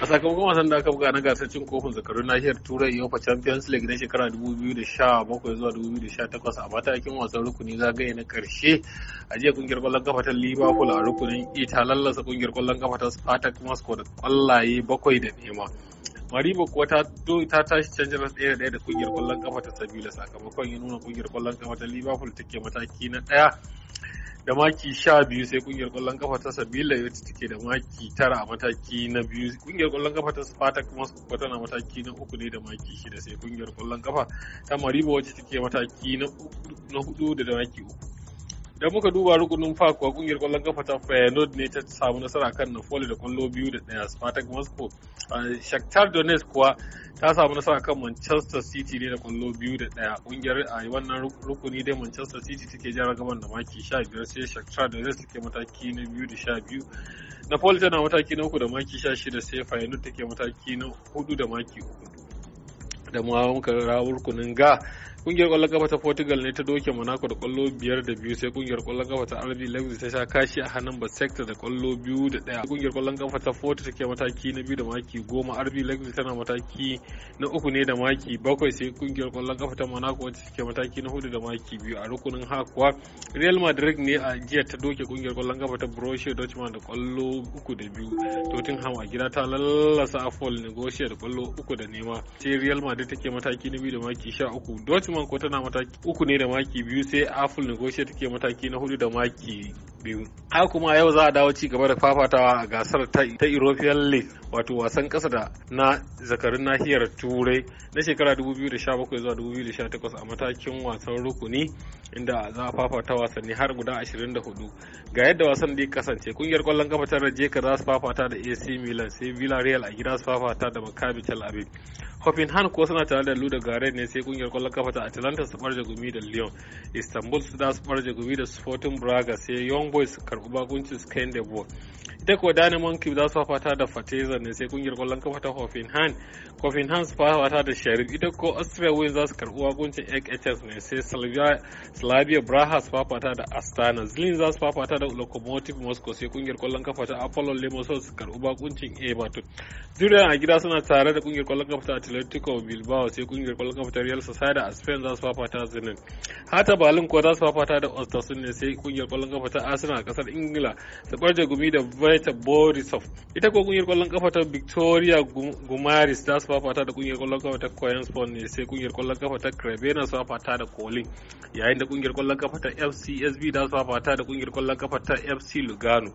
a sakamakon wasan da aka buga na gasar cin kofin zakarun nahiyar turai yofa champions league na shekara 2017 zuwa 2018 a matakin wasan rukuni zagaye na karshe a jiya kungiyar kwallon kafa ta liverpool a rukunin ita e lallasa kungiyar kwallon kafa ta spartak moscow da kwallaye bakwai da nema Mariba kuwa ta ta tashi can jiran ɗaya ɗaya da kungiyar kwallon kafa ta Sabila sakamakon ya nuna kungiyar kwallon kafa ta Liverpool take mataki na ɗaya da maki sha biyu sai kungiyar kwallon kafa ta sabila ta take da maki tara a mataki na biyu kungiyar kwallon kafa ta spartak kwata na mataki na uku ne da maki shida sai kungiyar kwallon kafa ta maribo wacce take mataki na hudu da maki uku da muka duba rukunin fa kuwa kungiyar kwallon kafa ta Feyenoord ne ta samu nasara kan Napoli da kwallo biyu da daya Spartak Moscow Shakhtar Donetsk kuwa ta samu nasara kan Manchester City ne da kwallo biyu da daya kungiyar a wannan rukuni dai Manchester City take jan gaban da maki 15 sai Shakhtar Donetsk take mataki na biyu da sha biyu Napoli tana mataki na uku da maki 16 sai Feyenoord take mataki na hudu da maki uku da muka rawar rukunin ga kungiyar kwallon kafa ta portugal ne ta doke monaco da kwallo biyar da biyu sai kungiyar kwallon kafa ta rb leipzig ta sha kashi a hannun basecta da kwallo biyu da daya kungiyar kwallon kafa ta forti take mataki na biyu da maki goma rb leipzig tana mataki na uku ne da maki bakwai sai kungiyar kwallon kafa ta monaco wacce take mataki na hudu da maki biyu a rukunin hakuwa real madrid ne a jiya ta doke kungiyar kwallon kafa ta borussia dortmund da kwallo uku da biyu tottenham a gida ta lallasa afol negotia da kwallo uku da nema sai real madrid take mataki na biyu da maki sha uku Dortmund ko tana mataki uku ne da maki biyu sai Apple Negotiate take mataki na hudu da maki biyu. Haka kuma yau za a dawo ci gaba da fafatawa a gasar ta European League wato wasan kasa da na zakarun nahiyar Turai na shekara 2017 zuwa 2018 a matakin wasan rukuni inda za a fafata wasanni har guda 24. Ga yadda wasan da ya kasance kungiyar kwallon kafa ta ka za su fafata da AC Milan sai Villarreal a gida su fafata da Maccabi Tel Aviv. han ko suna tare da Luda Garen ne sai kungiyar kwallon kafa ta Atalanta su barje gumi da Lyon. Istanbul su da su barje gumi da Sporting Braga sai yon young boys su karbi su scan da ball ita kuwa dynamon cube za su fafata da fateza ne sai kungiyar kwallon kafa ta hoffenheim hoffenheim su fafata da sharif ita ko austria wings za su karbi bakuncin ehs ne sai slavia braha su fafata da astana zlin za su fafata da locomotive moscow sai kungiyar kwallon kafa ta apollo limassol su karbi bakuncin everton zuriya a gida suna tare da kungiyar kwallon kafa ta atletico bilbao sai kungiyar kwallon kafa ta real sociedad a spain za su fafata zinin hata balin kuwa za su fafata da ostasun ne sai kungiyar kwallon kafa ta arsenal a kasar ingila su barje gumi da vita borisov ita ko kungiyar kwallon kafa ta victoria gumaris ta su fafata da kungiyar kwallon kafa ta koyan ne sai kungiyar kwallon kafa ta crevena su fafata da colin yayin da kungiyar kwallon kafa ta fcsb da su fafata da kungiyar kwallon kafa ta fc lugano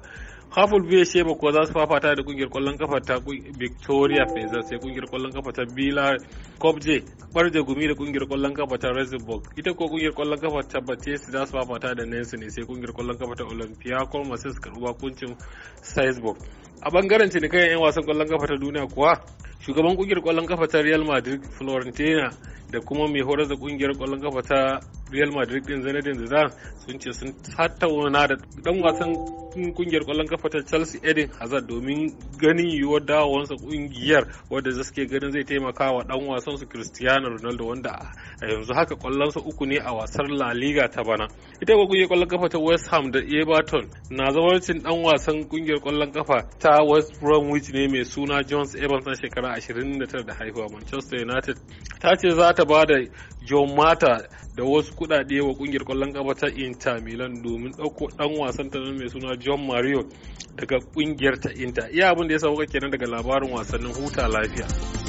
Haful biya sheba ko za su fafata da kungiyar kwallon kafa ta Victoria Fezzar sai kungiyar kwallon kafa ta Bila Kobje barje gumi da kungiyar kwallon kafa ta Rezibok. ita ko kungiyar kwallon kafa ta Batesi za su fafata da Nancy ne sai kungiyar kwallon kafa ta Olympiacos Marseille karɓi kuncin Salzburg a bangaren cinikayen 'yan wasan kwallon kafa ta duniya kuwa shugaban kungiyar kwallon kafa ta Real Madrid Florentina da kuma mai horar da kungiyar kwallon kafa ta real madrid din zinedine zidane sun ce sun tattauna da dan wasan kungiyar kwallon kafa ta chelsea edin hazard domin ganin yiwuwar dawowansa kungiyar wadda da suke ganin zai taimaka wa dan wasan su cristiano ronaldo wanda a yanzu haka kwallonsa uku ne a wasar la liga ta bana ita ga kungiyar kwallon kafa ta west ham da everton na zawarcin dan wasan kungiyar kwallon kafa ta west bromwich ne mai suna jones evans na shekara 29 da haihuwa manchester united ta ce za ta ba da john mata da wasu kudade wa kungiyar kwallon kafa ta Inter Milan domin dauko dan wasan ta mai suna John Mario daga kungiyar ta Inter. Iya abin da ya sauka kenan daga labarin wasannin huta lafiya.